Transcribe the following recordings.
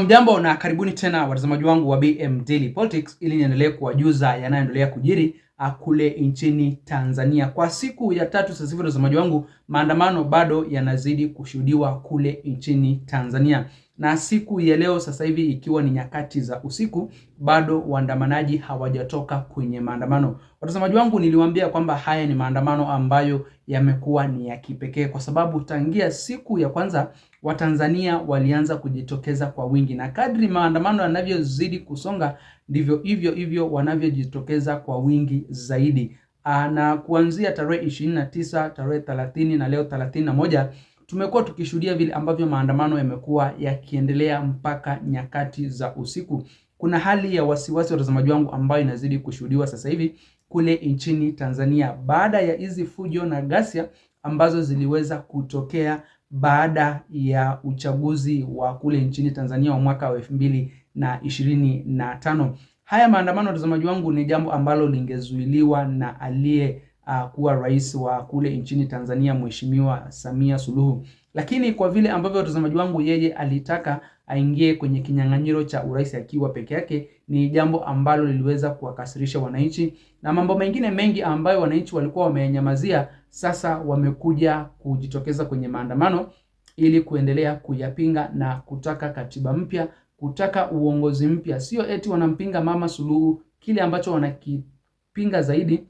Hamjambo na karibuni tena watazamaji wangu wa BM Daily Politics, ili niendelee kuwajuza yanayoendelea kujiri ah, kule nchini Tanzania. Kwa siku ya tatu sasa hivi, watazamaji wangu, maandamano bado yanazidi kushuhudiwa kule nchini Tanzania na siku ya leo sasa hivi ikiwa ni nyakati za usiku, bado waandamanaji hawajatoka kwenye maandamano. Watazamaji wangu, niliwaambia kwamba haya ni maandamano ambayo yamekuwa ni ya kipekee kwa sababu tangia siku ya kwanza Watanzania walianza kujitokeza kwa wingi, na kadri maandamano yanavyozidi kusonga ndivyo hivyo hivyo wanavyojitokeza kwa wingi zaidi ah, na kuanzia tarehe 29, tarehe 30 na leo 31 tumekuwa tukishuhudia vile ambavyo maandamano yamekuwa yakiendelea mpaka nyakati za usiku. Kuna hali ya wasiwasi, watazamaji wangu, ambayo inazidi kushuhudiwa sasa hivi kule nchini Tanzania baada ya hizi fujo na ghasia ambazo ziliweza kutokea baada ya uchaguzi wa kule nchini Tanzania wa mwaka wa elfu mbili na ishirini na tano. Haya maandamano, watazamaji wangu, ni jambo ambalo lingezuiliwa na aliye uh, kuwa rais wa kule nchini Tanzania Mheshimiwa Samia Suluhu. Lakini kwa vile ambavyo watazamaji wangu, yeye alitaka aingie kwenye kinyang'anyiro cha urais akiwa peke yake, ni jambo ambalo liliweza kuwakasirisha wananchi, na mambo mengine mengi ambayo wananchi walikuwa wameyanyamazia, sasa wamekuja kujitokeza kwenye maandamano ili kuendelea kuyapinga na kutaka katiba mpya, kutaka uongozi mpya. Sio eti wanampinga Mama Suluhu, kile ambacho wanakipinga zaidi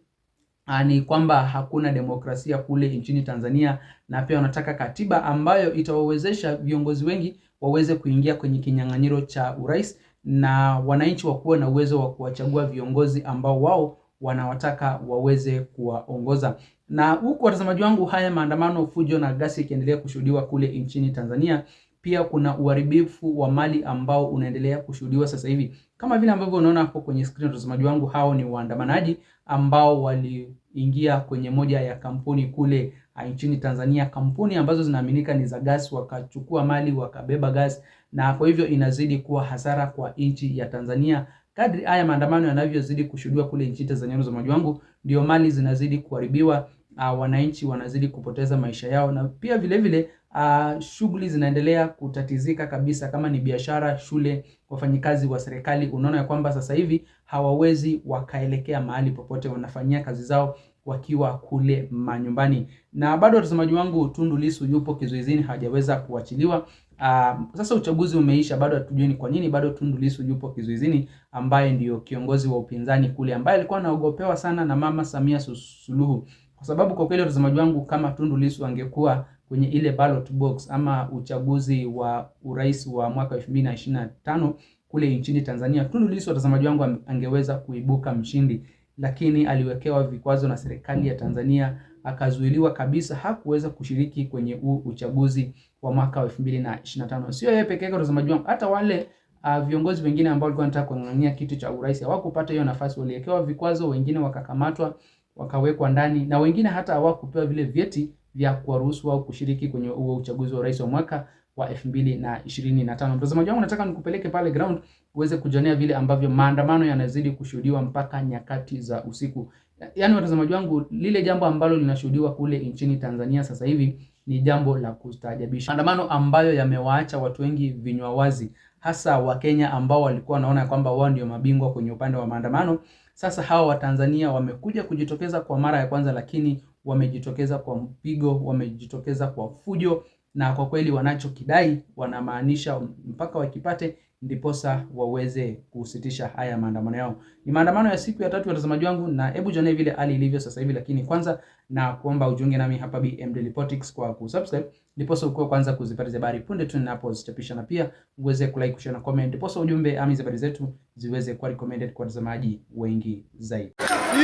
Ah, ni kwamba hakuna demokrasia kule nchini Tanzania, na pia wanataka katiba ambayo itawawezesha viongozi wengi waweze kuingia kwenye kinyang'anyiro cha urais na wananchi wakuwe na uwezo wa kuwachagua viongozi ambao wao wanawataka waweze kuwaongoza. Na huku, watazamaji wangu, haya maandamano, fujo na gasi ikiendelea kushuhudiwa kule nchini Tanzania, pia kuna uharibifu wa mali ambao unaendelea kushuhudiwa sasa hivi, kama vile ambavyo unaona hapo kwenye screen. watazamaji wangu, hao ni waandamanaji ambao waliingia kwenye moja ya kampuni kule ah, nchini Tanzania, kampuni ambazo zinaaminika ni za gas, wakachukua mali wakabeba gas, na kwa hivyo inazidi kuwa hasara kwa nchi ya Tanzania. Kadri haya maandamano yanavyozidi kushuhudiwa kule nchini Tanzania, mtazamaji wangu, ndio mali zinazidi kuharibiwa uh, wananchi wanazidi kupoteza maisha yao, na pia vilevile uh, ah, shughuli zinaendelea kutatizika kabisa, kama ni biashara, shule, wafanyikazi wa serikali. Unaona ya kwamba sasa hivi hawawezi wakaelekea mahali popote, wanafanyia kazi zao wakiwa kule manyumbani. Na bado watazamaji wangu, Tundu Lissu yupo kizuizini, hajaweza kuachiliwa. Uh, sasa uchaguzi umeisha, bado hatujui ni kwa nini bado Tundu Lissu yupo kizuizini, ambaye ndiyo kiongozi wa upinzani kule, ambaye alikuwa anaogopewa sana na Mama Samia Suluhu kwa sababu kwa kweli watazamaji wangu, kama Tundu Lissu angekuwa kwenye ile ballot box ama uchaguzi wa urais wa mwaka 2025 kule nchini Tanzania, Tundu Lissu watazamaji wangu, angeweza kuibuka mshindi, lakini aliwekewa vikwazo na serikali ya Tanzania akazuiliwa kabisa, hakuweza kushiriki kwenye huu uchaguzi wa mwaka 2025. Sio yeye pekee yake watazamaji wangu, hata wale uh, viongozi wengine ambao walikuwa wanataka kung'ang'ania kiti cha urais hawakupata hiyo nafasi, waliwekewa vikwazo, wengine wakakamatwa wakawekwa ndani na wengine hata hawakupewa vile vyeti vya kuwaruhusu au kushiriki kwenye huo uchaguzi wa rais wa mwaka wa 2025. Mtazamaji wangu, nataka nikupeleke pale ground uweze kujionea vile ambavyo maandamano yanazidi kushuhudiwa mpaka nyakati za usiku. Yaani watazamaji wangu, lile jambo ambalo linashuhudiwa kule nchini Tanzania sasa hivi ni jambo la kustaajabisha, maandamano ambayo yamewaacha watu wengi vinywa wazi hasa Wakenya ambao walikuwa wanaona kwamba wao ndio mabingwa kwenye upande wa maandamano. Sasa hawa Watanzania wamekuja kujitokeza kwa mara ya kwanza, lakini wamejitokeza kwa mpigo, wamejitokeza kwa fujo, na kwa kweli wanachokidai wanamaanisha mpaka wakipate, ndiposa waweze kusitisha haya maandamano yao. Ni maandamano ya siku ya tatu, watazamaji wangu, na hebu jionee vile hali ilivyo sasa hivi. Lakini kwanza na kuomba ujiunge nami hapa BM Daily Politics kwa kusubscribe, ndiposa ukue kwanza kuzipata habari punde tu ninapozichapisha, na pia uweze kulike, kushare na comment, ndiposa ujumbe ama habari zetu ziweze kuwa recommended kwa watazamaji wengi zaidi.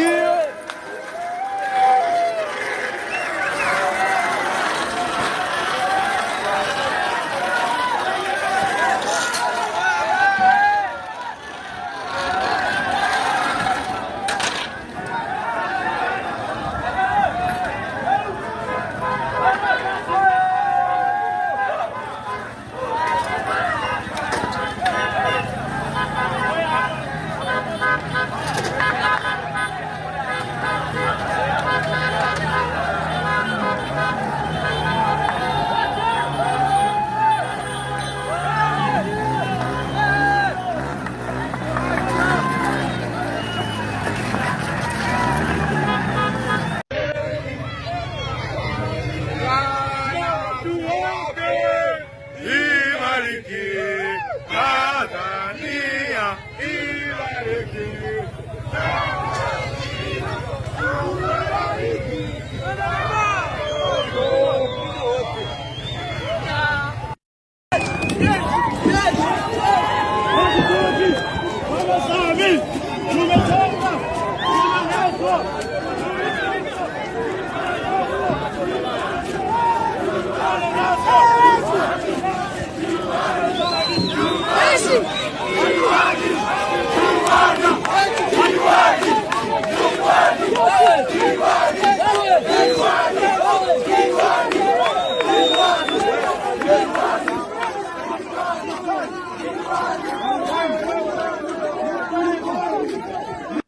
Yeah!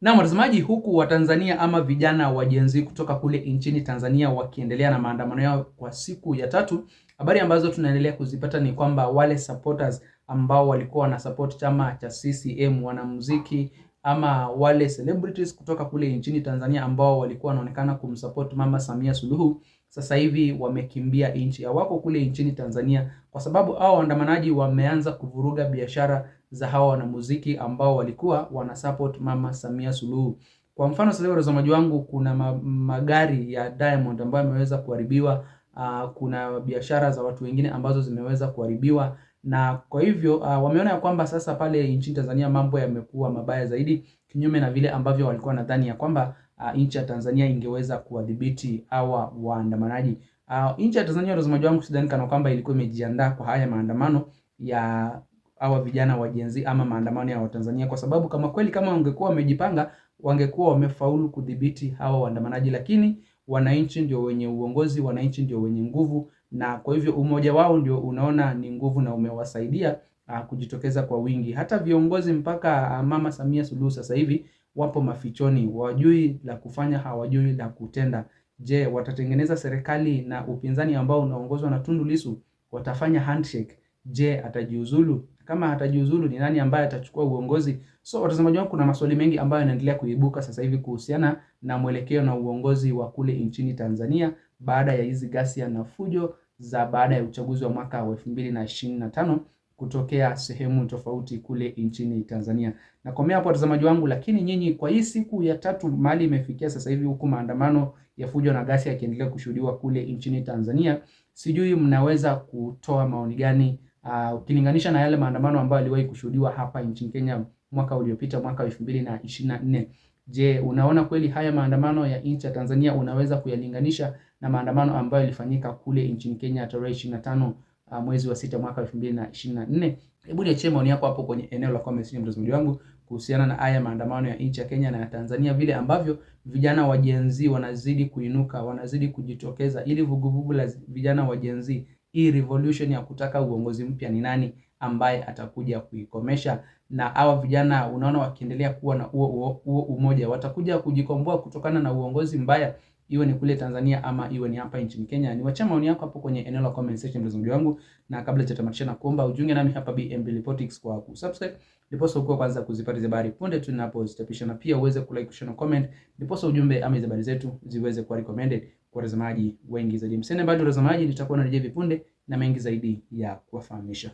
Na watazamaji, huku Watanzania ama vijana wajenzi kutoka kule nchini Tanzania wakiendelea na maandamano yao kwa siku ya tatu, habari ambazo tunaendelea kuzipata ni kwamba wale supporters ambao walikuwa wana support chama cha CCM, wanamuziki ama wale celebrities kutoka kule nchini Tanzania ambao walikuwa wanaonekana kumsupport Mama Samia Suluhu sasa hivi wamekimbia nchi, hawako kule nchini Tanzania kwa sababu hao waandamanaji wameanza kuvuruga biashara za hawa wanamuziki ambao walikuwa wana support Mama Samia Suluhu. Kwa mfano sasa hivi watazamaji wangu, kuna magari ya Diamond ambayo yameweza kuharibiwa. Uh, kuna biashara za watu wengine ambazo zimeweza kuharibiwa na kwa hivyo uh, wameona ya kwamba sasa pale nchini Tanzania mambo yamekuwa mabaya zaidi, kinyume na vile ambavyo walikuwa nadhani ya kwamba uh, nchi ya Tanzania ingeweza kuwadhibiti hawa waandamanaji. Uh, nchi ya Tanzania, watazamaji wangu, sidhani kana kwamba ilikuwa imejiandaa kwa haya maandamano ya hawa vijana wa Gen Z ama maandamano ya Watanzania, kwa sababu kama kweli kama wangekuwa wamejipanga wangekuwa wamefaulu kudhibiti hawa waandamanaji, lakini wananchi ndio wenye uongozi, wananchi ndio wenye nguvu, na kwa hivyo umoja wao ndio unaona ni nguvu na umewasaidia uh, kujitokeza kwa wingi. Hata viongozi mpaka uh, Mama Samia Suluhu sasa hivi wapo mafichoni, wajui la kufanya, hawajui la kutenda. Je, watatengeneza serikali na upinzani ambao unaongozwa na Tundu Lissu? Watafanya handshake? Je, atajiuzulu? kama hatajiuzulu ni nani ambaye atachukua uongozi? So watazamaji wangu, kuna maswali mengi ambayo yanaendelea kuibuka sasa hivi kuhusiana na mwelekeo na uongozi wa kule nchini Tanzania baada ya hizi ghasia na fujo za baada ya uchaguzi wa mwaka wa elfu mbili na ishirini na tano kutokea sehemu tofauti kule nchini Tanzania. Nakomea hapo watazamaji wangu, lakini nyinyi, kwa hii siku ya tatu mali imefikia sasa hivi, huku maandamano ya fujo na ghasia yakiendelea kushuhudiwa kule nchini Tanzania, sijui mnaweza kutoa maoni gani uh, ukilinganisha na yale maandamano ambayo aliwahi kushuhudiwa hapa nchini Kenya mwaka uliopita mwaka 2024. Je, unaona kweli haya maandamano ya nchi ya Tanzania unaweza kuyalinganisha na maandamano ambayo yalifanyika kule nchini Kenya tarehe 25 uh, ah, mwezi wa sita mwaka 2024? Hebu niachie maoni yako hapo kwenye eneo la comments ni mtazamaji wangu kuhusiana na haya maandamano ya nchi ya Kenya na ya Tanzania, vile ambavyo vijana wa Gen Z wanazidi kuinuka, wanazidi kujitokeza, ili vuguvugu la vijana wa Gen Z hii revolution ya kutaka uongozi mpya ni nani ambaye atakuja kuikomesha. Na hawa vijana unaona wakiendelea kuwa na huo huo umoja, watakuja kujikomboa kutokana na uongozi mbaya, iwe ni kule Tanzania ama iwe ni hapa nchini Kenya. Ni wachia maoni yako hapo kwenye eneo la comment section, mtazamaji wangu, na kabla sijatamatisha, na kuomba ujiunge nami hapa BMB Politics kwa kusubscribe, sasa ukuwa kwanza kuzipata habari punde tu tunapozichapisha, na pia uweze kulike, share na comment, ndipo sasa ujumbe ama habari zetu ziweze kuwa recommended kwa watazamaji wengi zaidi. Msiende mbali watazamaji, nitakuwa narejea vipunde na mengi zaidi ya kuwafahamisha.